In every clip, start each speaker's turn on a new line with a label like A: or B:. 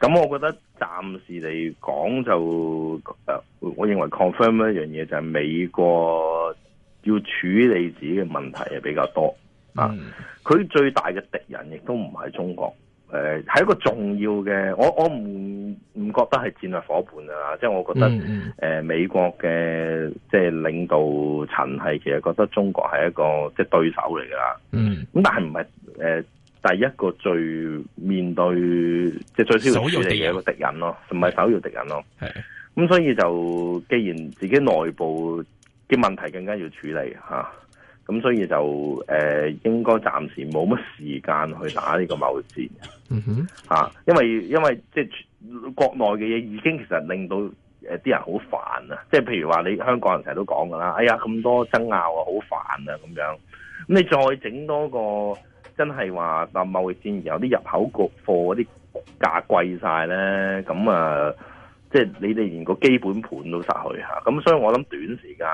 A: 咁我覺得暫時嚟講就呃、我認為 confirm 一樣嘢就係美國要處理自己嘅問題係比較多、嗯、啊。佢最大嘅敵人亦都唔係中國，係、呃、一個重要嘅，我我唔唔覺得係戰略伙伴啊。即係我覺得、嗯呃、美國嘅即係領導層係其實覺得中國係一個即係對手嚟㗎。嗯。咁但係唔係呃第一個最面對即係最少要處理嘅一個敵人咯，唔係首要敵人咯。係，咁所以就既然自己內部啲問題更加要處理嚇，咁、啊、所以就誒、呃、應該暫時冇乜時間去打呢個貿戰。嗯
B: 哼，
A: 嚇、啊，因為因為即係國內嘅嘢已經其實令到誒啲、呃、人好煩、哎、煩啊，即係譬如話你香港人成日都講㗎啦，哎呀咁多爭拗啊，好煩啊咁樣。咁你再整多個。真係話，但貿易戰有啲入口國貨嗰啲價格貴晒咧，咁啊，即係你哋連個基本盤都失去嚇，咁、啊、所以我諗短時間誒、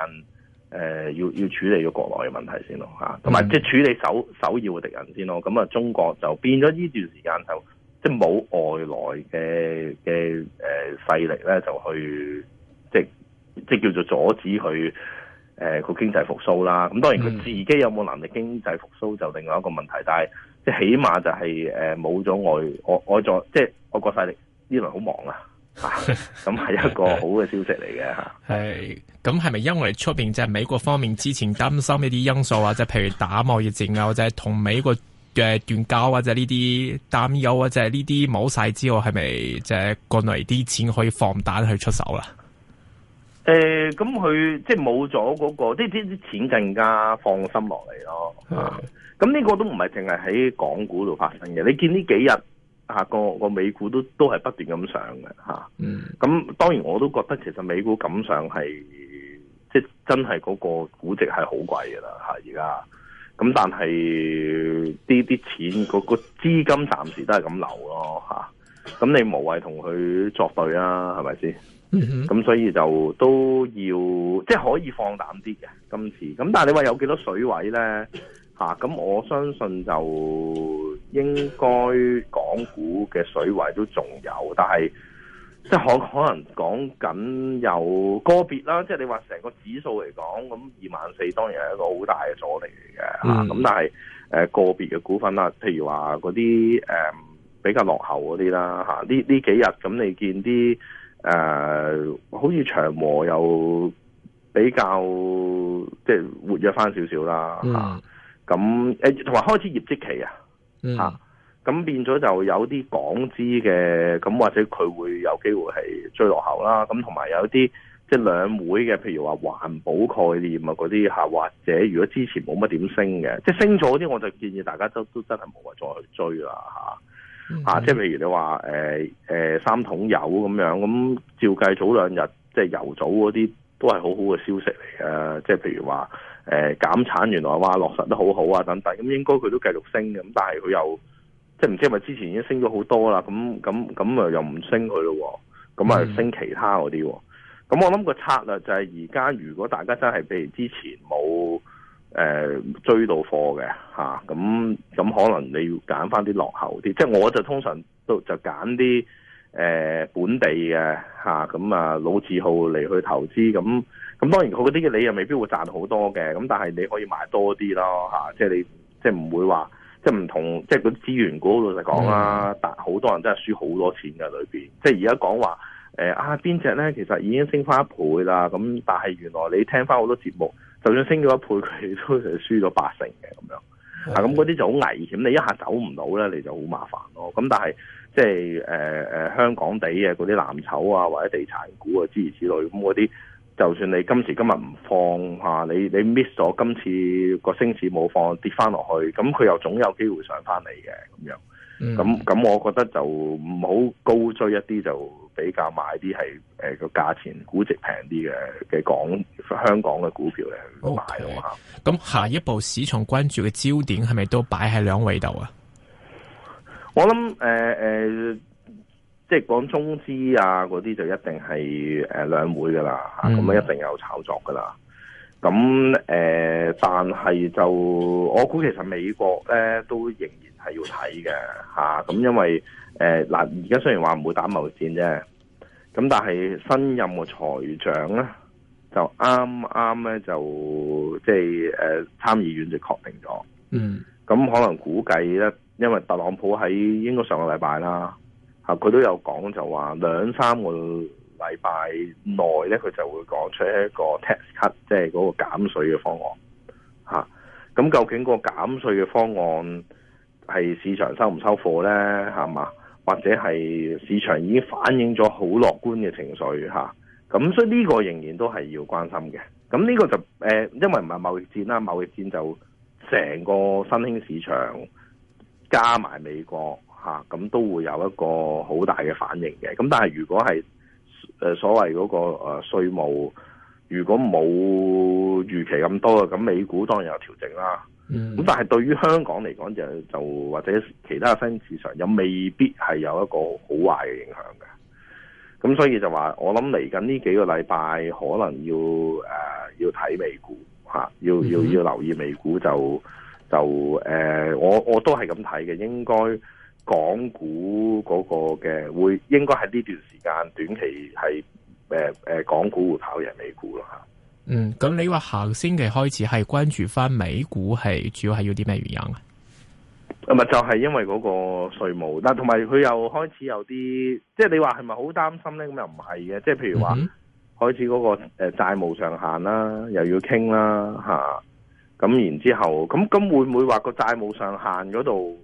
A: 呃、要要處理個國內嘅問題先咯，同埋即係處理首首要嘅敵人先咯，咁啊中國就變咗呢段時間就即係冇外來嘅嘅誒勢力咧，就去即即叫做阻止佢。誒、呃，個經濟復甦啦，咁當然佢自己有冇能力經濟復甦就另外一個問題，嗯、但係即係起碼就係冇咗外外外在，即係外國勢力呢輪好忙啊，咁係一個好嘅消息嚟嘅係，
B: 咁係咪因為出面，即、就、係、是、美國方面之前擔心一啲因素啊，即係譬如打貿易戰啊，或者同美國嘅斷交啊，或者呢啲擔憂或者呢啲冇晒之後，係咪即係國內啲錢可以放膽去出手啦？
A: 誒、嗯，咁佢即係冇咗嗰個，即係啲啲啲錢更加放心落嚟咯。咁呢個都唔係淨係喺港股度發生嘅。你見呢幾日啊，個個美股都都係不斷咁上嘅吓。咁、啊嗯、當然我都覺得其實美股咁上係即係真係嗰個估值係好貴噶啦吓，而、啊、家。咁但係啲啲錢嗰個資金暫時都係咁流咯吓。咁、啊、你無謂同佢作對啊，係咪先？咁 所以就都要即係可以放膽啲嘅今次，咁但係你話有幾多水位呢？吓、啊、咁我相信就應該港股嘅水位都仲有，但係即係可可能講緊有個別啦。即係你話成個指數嚟講，咁二萬四當然係一個好大嘅阻力嚟嘅吓。咁、 啊、但係誒個別嘅股份啦，譬如話嗰啲誒比較落後嗰啲啦吓，呢、啊、呢幾日咁你見啲。誒、uh,，好似長和又比較即係活躍翻少少啦吓，咁同埋開始業績期啊吓，咁、mm-hmm. 啊、變咗就有啲港資嘅，咁或者佢會有機會係追落後啦。咁同埋有啲即係兩會嘅，譬如話環保概念啊嗰啲吓，或者如果之前冇乜點升嘅，即係升咗啲，我就建議大家都都真係冇話再去追啦吓。啊啊，即係譬如你話誒誒三桶油咁樣，咁照計早兩日即係油組嗰啲都係好好嘅消息嚟嘅。即係譬如話誒減產原來話落實得好好啊等等，咁應該佢都繼續升嘅，咁但係佢又即係唔知係咪之前已經升咗好多啦，咁咁咁啊又唔升佢咯，咁啊升其他嗰啲，咁、嗯、我諗個策略就係而家如果大家真係譬如之前冇誒，追到貨嘅嚇，咁咁可能你要揀翻啲落後啲，即係我就通常都就揀啲誒本地嘅嚇，咁啊老字號嚟去投資，咁咁當然佢嗰啲嘅你又未必會賺好多嘅，咁但係你可以買多啲咯嚇，即係你即係唔會話即係唔同即係嗰啲資源股老實講啦，嗯，但係好多人真係輸好多錢嘅裏面。即係而家講話誒啊邊隻咧其實已經升翻一倍啦，咁但係原來你聽翻好多節目。就算升咗一倍，佢都係輸咗八成嘅咁樣。啊，咁嗰啲就好危險，你一下走唔到咧，你就好麻煩咯。咁但係即係誒、誒、香港地嘅嗰啲藍籌啊，或者地產股啊之類之類，咁嗰啲就算你今時今日唔放嚇，你你 miss 咗今次個升市冇放跌翻落去，咁佢又總有機會上翻嚟嘅咁樣。咁、嗯、咁，我覺得就唔好高追一啲，就比較買啲係誒個價錢估值平啲嘅嘅港香港嘅股票咧。O、okay，
B: 咁下一步市場關注嘅焦點係咪都擺喺兩會度啊？
A: 我諗誒誒，即係講中資啊嗰啲就一定係誒、呃、兩會噶啦吓，咁、嗯、啊一定有炒作噶啦。咁誒、呃，但係就我估其實美國咧都仍然係要睇嘅吓，咁、啊、因為誒嗱，而、呃、家雖然話唔會打貿易戰啫，咁但係新任嘅財長咧就啱啱咧就即係誒參議院就確定咗，嗯，咁可能估計咧，因為特朗普喺應該上個禮拜啦吓，佢、啊、都有講就話兩三個禮拜內咧，佢就會講出一個 tax cut，即係嗰個減稅嘅方案，吓、啊，咁究竟個減稅嘅方案，係市場收唔收貨呢？係嘛？或者係市場已經反映咗好樂觀嘅情緒嚇，咁所以呢個仍然都係要關心嘅。咁呢個就誒、呃，因為唔係貿易戰啦，貿易戰就成個新興市場加埋美國嚇，咁都會有一個好大嘅反應嘅。咁但係如果係誒所謂嗰個誒稅務，如果冇預期咁多嘅，咁美股當然有調整啦。咁但係對於香港嚟講就就或者其他新市場又未必係有一個好壞嘅影響嘅，咁所以就話我諗嚟緊呢幾個禮拜可能要誒要睇美股吓，要、啊、要要，要留意美股就就誒、呃、我我都係咁睇嘅，應該港股嗰個嘅會應該喺呢段時間短期係誒誒港股會跑贏美股咯吓。啊
B: 嗯，咁你話下個星期開始係關注翻美股，係主要係要啲咩原因
A: 咧？啊，咪就係、是、因為嗰個稅務，但同埋佢又開始有啲，即係你話係咪好擔心咧？咁又唔係嘅，即、就、係、是、譬如話、嗯、開始嗰、那個誒債、呃、務上限啦，又要傾啦吓。咁、啊、然之後，咁咁會唔會話個債務上限嗰度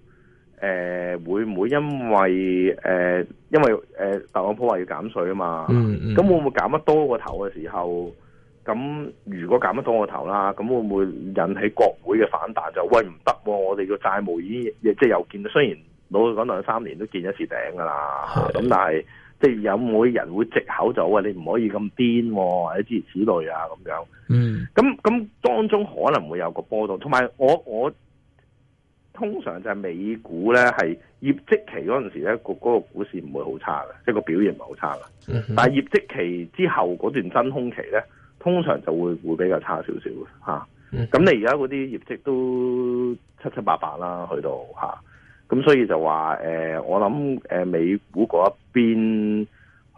A: 誒會唔會因為誒、呃、因為誒、呃、特朗普話要減稅啊嘛？嗯嗯。咁會唔會減得多個頭嘅時候？咁如果減得到我頭啦，咁會唔會引起國會嘅反彈？就喂唔得、啊，我哋個債務已經亦即係又見到，雖然老實講兩三年都見一次頂噶啦，咁但係即係有冇人會藉口就話你唔可以咁癲、啊、或者之類啊咁樣？嗯，咁咁當中可能會有個波動，同埋我我通常就係美股咧係業績期嗰陣時咧，個嗰個股市唔會好差嘅，即係個表現唔好差啦、嗯。但係業績期之後嗰段真空期咧。通常就會會比較差少少嘅，咁你而家嗰啲業績都七七八八啦，去到嚇，咁、啊、所以就話誒、呃，我諗誒美股嗰一邊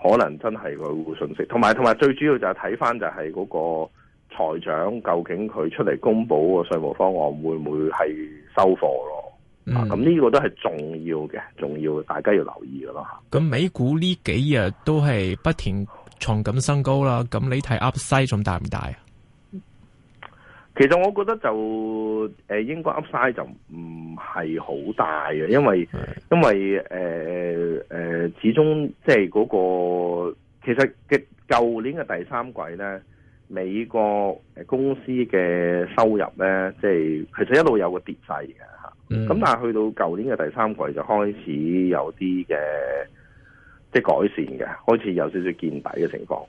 A: 可能真係會信心，同埋同埋最主要就係睇翻就係嗰個財長究竟佢出嚟公佈個稅務方案會唔會係收貨咯，咁、嗯、呢、啊、個都係重要嘅，重要嘅，大家要留意嘅咯。
B: 咁美股呢幾日都係不停。創感新高啦，咁你睇 Upside 仲大唔大啊？
A: 其實我覺得就誒，應該 Upside 就唔係好大嘅，因為因為誒誒、呃呃，始終即係嗰、那個其實嘅舊年嘅第三季咧，美國公司嘅收入咧，即係其實一路有一個跌勢嘅吓，咁、嗯、但係去到舊年嘅第三季就開始有啲嘅。即改善嘅，開始有少少見底嘅情況。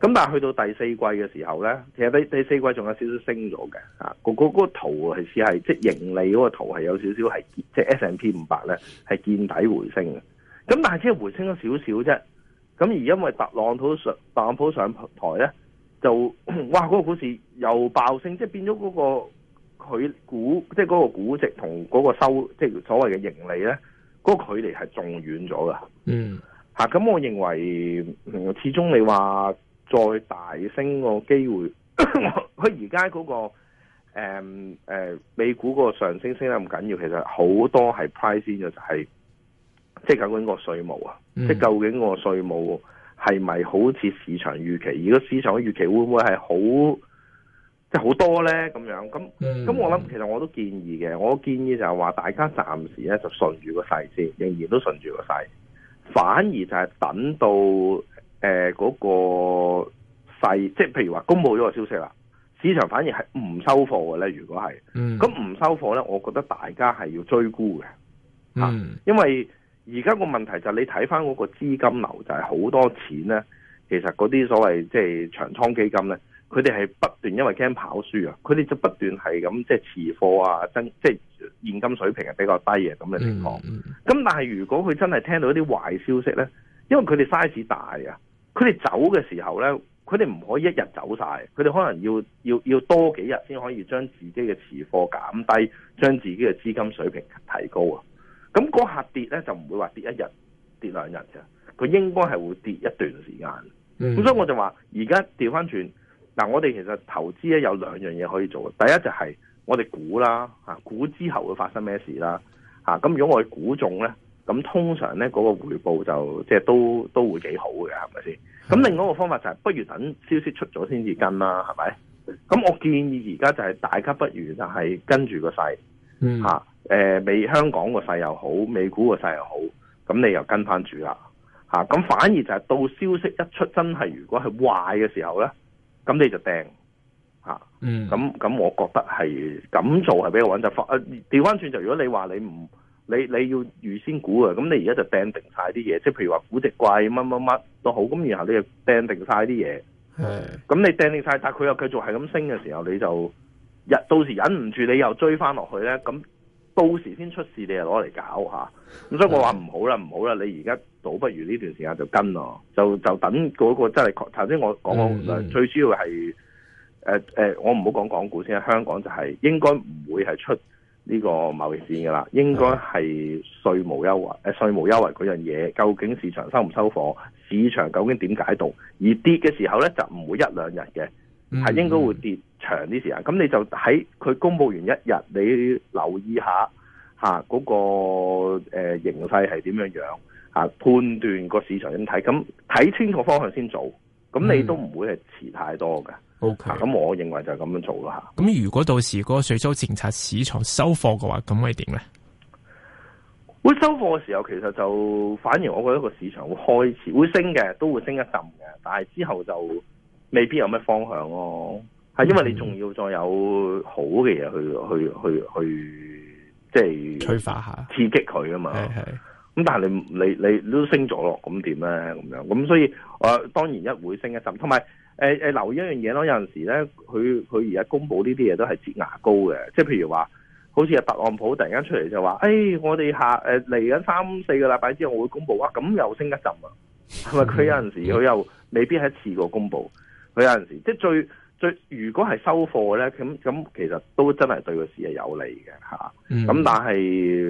A: 咁但係去到第四季嘅時候咧，其實第第四季仲有少少升咗嘅。啊，嗰嗰個圖係似係，即係盈利嗰個圖係有少少係，即係 S M P 五百咧係見底回升嘅。咁但係只係回升咗少少啫。咁而因為特朗普上特朗普上台咧，就哇嗰、那個股市又爆升，即係變咗嗰、那個佢股，即係嗰個估值同嗰個收，即係所謂嘅盈利咧，嗰、那個距離係仲遠咗噶。嗯。吓、啊，咁我認為，嗯、始終你話再大升個機會，佢而家嗰個誒、嗯嗯、美股個上升升得咁緊要，其實好多係 price 先、就、嘅、是，就係即係究竟個稅務啊，即、嗯、係、就是、究竟個稅務係咪好似市場預期？如果市場預期會唔會係好即係好多咧咁樣？咁咁、嗯、我諗其實我都建議嘅，我建議就係話大家暫時咧就順住個勢先，仍然都順住個勢。反而就係等到誒嗰、呃那個細，即係譬如話公佈咗個消息啦，市場反而係唔收貨嘅咧。如果係，咁、嗯、唔收貨咧，我覺得大家係要追沽嘅，啊，嗯、因為而家個問題就係你睇翻嗰個資金流，就係好多錢咧。其實嗰啲所謂即係長倉基金咧，佢哋係不斷因為驚跑輸啊，佢哋就不斷係咁即係持貨啊，即係。現金水平係比較低嘅，咁嘅情況。咁、嗯嗯、但係如果佢真係聽到一啲壞消息呢？因為佢哋 size 大啊，佢哋走嘅時候呢，佢哋唔可以一日走晒，佢哋可能要要，要多幾日先可以將自己嘅持貨減低，將自己嘅資金水平提高啊。咁嗰下跌呢，就唔會話跌一日跌兩日嘅，佢應該係會跌一段時間。
C: 咁、嗯、
A: 所以我就話而家調翻轉，嗱，我哋其實投資咧有兩樣嘢可以做，第一就係、是。我哋估啦，估之後會發生咩事啦，咁、啊、如果我哋估中咧，咁通常咧嗰、那個回報就即係都都會幾好嘅，係咪先？咁另外一個方法就係不如等消息出咗先至跟啦，係咪？咁我建議而家就係大家不如就係跟住個勢，嚇、啊、誒、嗯呃、美香港個勢又好，美股個勢又好，咁你又跟翻住啦，嚇、啊、咁反而就係到消息一出，真係如果係壞嘅時候咧，咁你就掟。吓，嗯，咁咁，我覺得係咁做係比較穩陣方。誒，調翻轉就，如果你話你唔，你你要預先估嘅，咁你而家就定定晒啲嘢，即係譬如話估值貴乜乜乜都好，咁然後你就定定晒啲嘢，係，咁你定定晒，但佢又繼續係咁升嘅時候，你就到時忍唔住你又追翻落去咧，咁到時先出事，你又攞嚟搞吓。咁所以我話唔好啦，唔好啦，你而家倒不如呢段時間就跟咯，就就等嗰個真係，頭先我講我、嗯、最主要係。誒、呃、誒、呃，我唔好講港股先，香港就係應該唔會係出呢個貿易線噶啦，應該係稅務優惠誒，稅務優惠嗰樣嘢，究竟市場收唔收貨？市場究竟點解讀？而跌嘅時候咧，就唔會一兩日嘅，係應該會跌長啲時間。咁你就喺佢公布完一日，你留意下吓嗰、啊，那個誒、呃、形勢係點樣樣吓、啊，判斷個市場點睇，咁睇清楚方向先做。咁、嗯、你都唔會係遲太多嘅。O K，咁我認為就係咁樣做噶吓。
B: 咁如果到時嗰個稅收政策市場收貨嘅話，咁會點咧？
A: 會收貨嘅時候，其實就反而我覺得個市場會開始會升嘅，都會升一陣嘅。但係之後就未必有咩方向咯、啊，係、嗯、因為你仲要再有好嘅嘢去去去去,去，即係催化下刺激佢啊嘛。咁但係你你你都升咗咯，咁點咧？咁樣咁所以，我、呃、當然一會升一陣，同埋誒誒留意一樣嘢咯。有陣時咧，佢佢而家公布呢啲嘢都係節牙膏嘅，即係譬如話，好似阿特朗普突然間出嚟就話：誒、哎，我哋下誒嚟緊三四個禮拜之後，我會公布啊，咁又升一陣啊！係咪佢有陣時佢又未必係一次過公布，佢有陣時候即係最。如果係收貨呢，咁咁其實都真係對個市係有利嘅嚇。咁、啊嗯、但係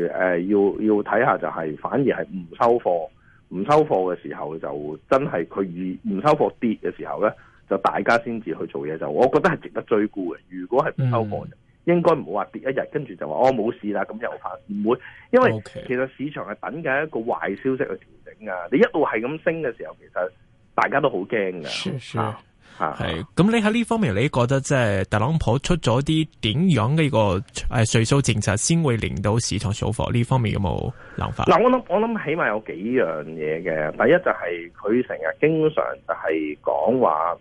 A: 誒、呃，要要睇下就係，反而係唔收貨，唔收貨嘅時候就真係佢唔收貨跌嘅時候呢，就大家先至去做嘢，就我覺得係值得追顧嘅。如果係唔收貨、嗯，應該唔好話跌一日，跟住就話哦冇事啦，咁又怕唔會，因為其實市場係等緊一個壞消息去調整啊。你一路係咁升嘅時候，其實大家都好驚嘅。
B: 係，咁你喺呢方面，你覺得即係特朗普出咗啲點樣嘅一個誒稅收政策，先會令到市場掃貨呢方面有冇
C: 諗
A: 法？嗱，我諗我諗起碼有幾樣嘢嘅。第一就係佢成日經常就係講話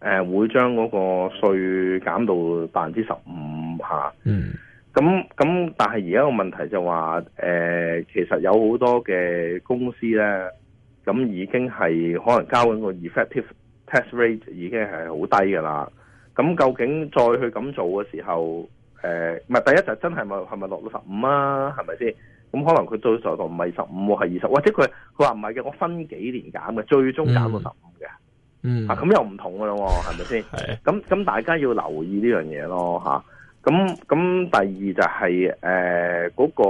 A: 誒，會將嗰個稅減到百分之十五吓。嗯，咁咁，但係而家個問題就話誒，其實有好多嘅公司咧，咁已經係可能交緊個 effective。Test rate 已經係好低嘅啦，咁究竟再去咁做嘅時候，誒唔係第一就真係咪係咪落到十五啊？係咪先？咁可能佢到時候唔係十五喎，係二十，或者佢佢話唔係嘅，我分幾年減嘅，最終減到十五嘅。嗯，嗯啊，咁又唔同嘅喎、啊，係咪先？係咁咁，大家要留意呢樣嘢咯，吓、啊，咁咁，那第二就係誒嗰個、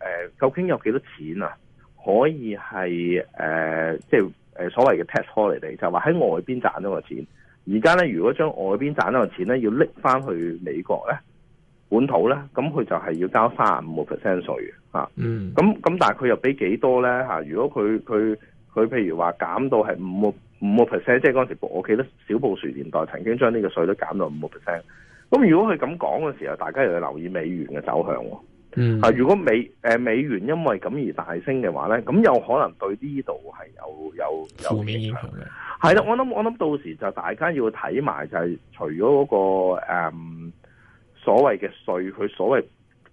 A: 呃、究竟有幾多錢啊？可以係誒、呃、即係。誒所謂嘅 tax holiday 就話喺外邊賺咗個錢，而家咧如果將外邊賺咗個錢咧，要拎翻去美國咧，本土咧，咁佢就係要交卅五個 percent 稅嘅嚇。嗯。咁、mm. 咁、啊，但係佢又俾幾多咧嚇、啊？如果佢佢佢，譬如話減到係五個五個 percent，即係嗰陣時我記得小布殊年代曾經將呢個稅都減到五個 percent。咁如果佢咁講嘅時候，大家又要留意美元嘅走向喎、啊。嗯，啊，如果美誒、呃、美元因為咁而大升嘅話咧，咁有可能對這呢度係有有負面影響嘅。係啦，我諗我諗到時就大家要睇埋就係除咗嗰、那個誒、嗯、所謂嘅稅，佢所謂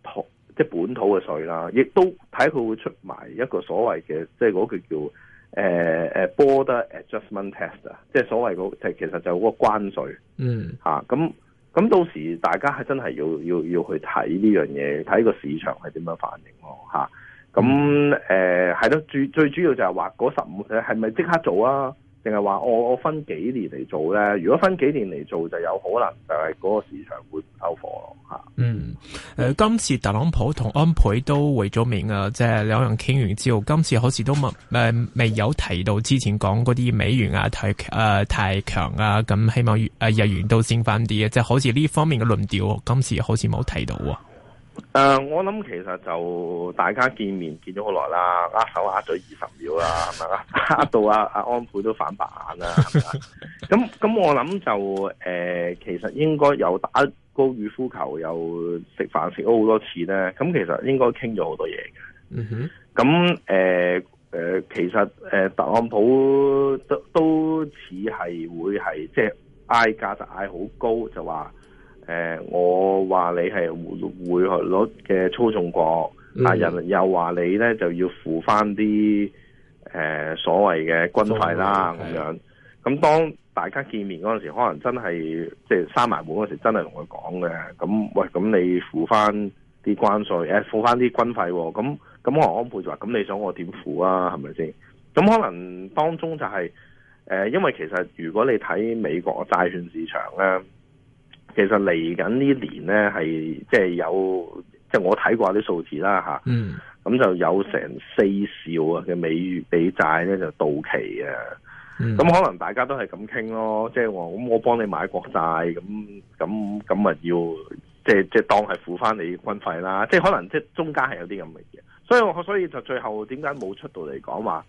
A: 土即係本土嘅稅啦，亦都睇佢會出埋一個所謂嘅即係嗰個叫誒誒、呃、border adjustment test 啊，即係所謂嗰即係其實就是嗰個關稅嗯吓咁。啊咁到時大家係真係要要要去睇呢樣嘢，睇個市場係點樣反應咯、啊、吓，咁誒係咯，最最主要就係話嗰十五係咪即刻做啊？定係話我我分幾年嚟做咧？如果分幾年嚟做，就有可能就係嗰個市場會唔收貨
B: 咯吓。嗯，誒、呃，今次特朗普同安倍都會咗面啊，即係兩人傾完之後，今次好似都冇未、呃、未有提到之前講嗰啲美元啊太誒、呃、太強啊，咁希望日誒日元都升翻啲啊，即係好似呢方面嘅論調，今次好似冇提到啊。
A: 誒、uh,，我諗其實就大家見面見咗好耐啦，握手握咗二十秒啦，係咪啊，吓到啊阿安倍都反白眼啦，係咪啊，咁咁 我諗就誒、呃，其實應該又打高爾夫球，又食飯食咗好多次咧，咁其實應該傾咗好多嘢嘅。嗯、mm-hmm. 哼，咁誒誒，其實誒、呃，特朗普都都似係會係即係嗌價就嗌、是、好高，就話。誒、呃，我話你係匯率嘅操縱國，啊、嗯、人又話你咧就要付翻啲誒所謂嘅軍費啦咁、嗯、樣。咁、嗯、當大家見面嗰陣時，可能真係即係閂埋門嗰時真，真係同佢講嘅。咁喂，咁你付翻啲關稅？誒、欸，付翻啲軍費、啊？咁咁我安倍就話，咁你想我點付啊？係咪先？咁可能當中就係、是、誒、呃，因為其實如果你睇美國嘅債券市場咧。其實嚟緊呢年咧係即係有即係我睇過啲數字啦嚇，
C: 咁、
A: mm. 就有成四兆啊嘅美元俾債咧就到期嘅。咁、mm. 可能大家都係咁傾咯，即係話咁我幫你買國債，咁咁咁咪要即係即當係付翻你軍費啦，即係可能即係中間係有啲咁嘅嘢，所以所以就最後點解冇出到嚟講話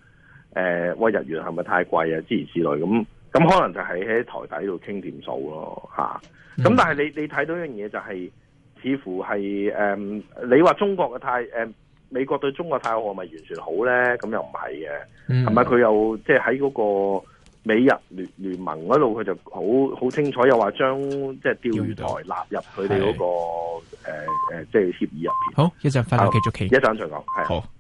A: 誒？喂日元係咪太貴啊？之類之類咁。咁可能就係喺台底度傾掂數咯，吓、嗯。咁但係你你睇到一樣嘢就係，似乎係誒、嗯，你話中國嘅態誒，美國對中國態度係咪完全好咧？咁又唔係嘅，係咪佢又即係喺嗰個美日聯聯盟嗰度，佢就好好清楚又將，又話將即係釣魚台納入佢哋嗰個誒誒，即係協議入邊。好，一陣翻嚟繼續傾。一陣再講，好。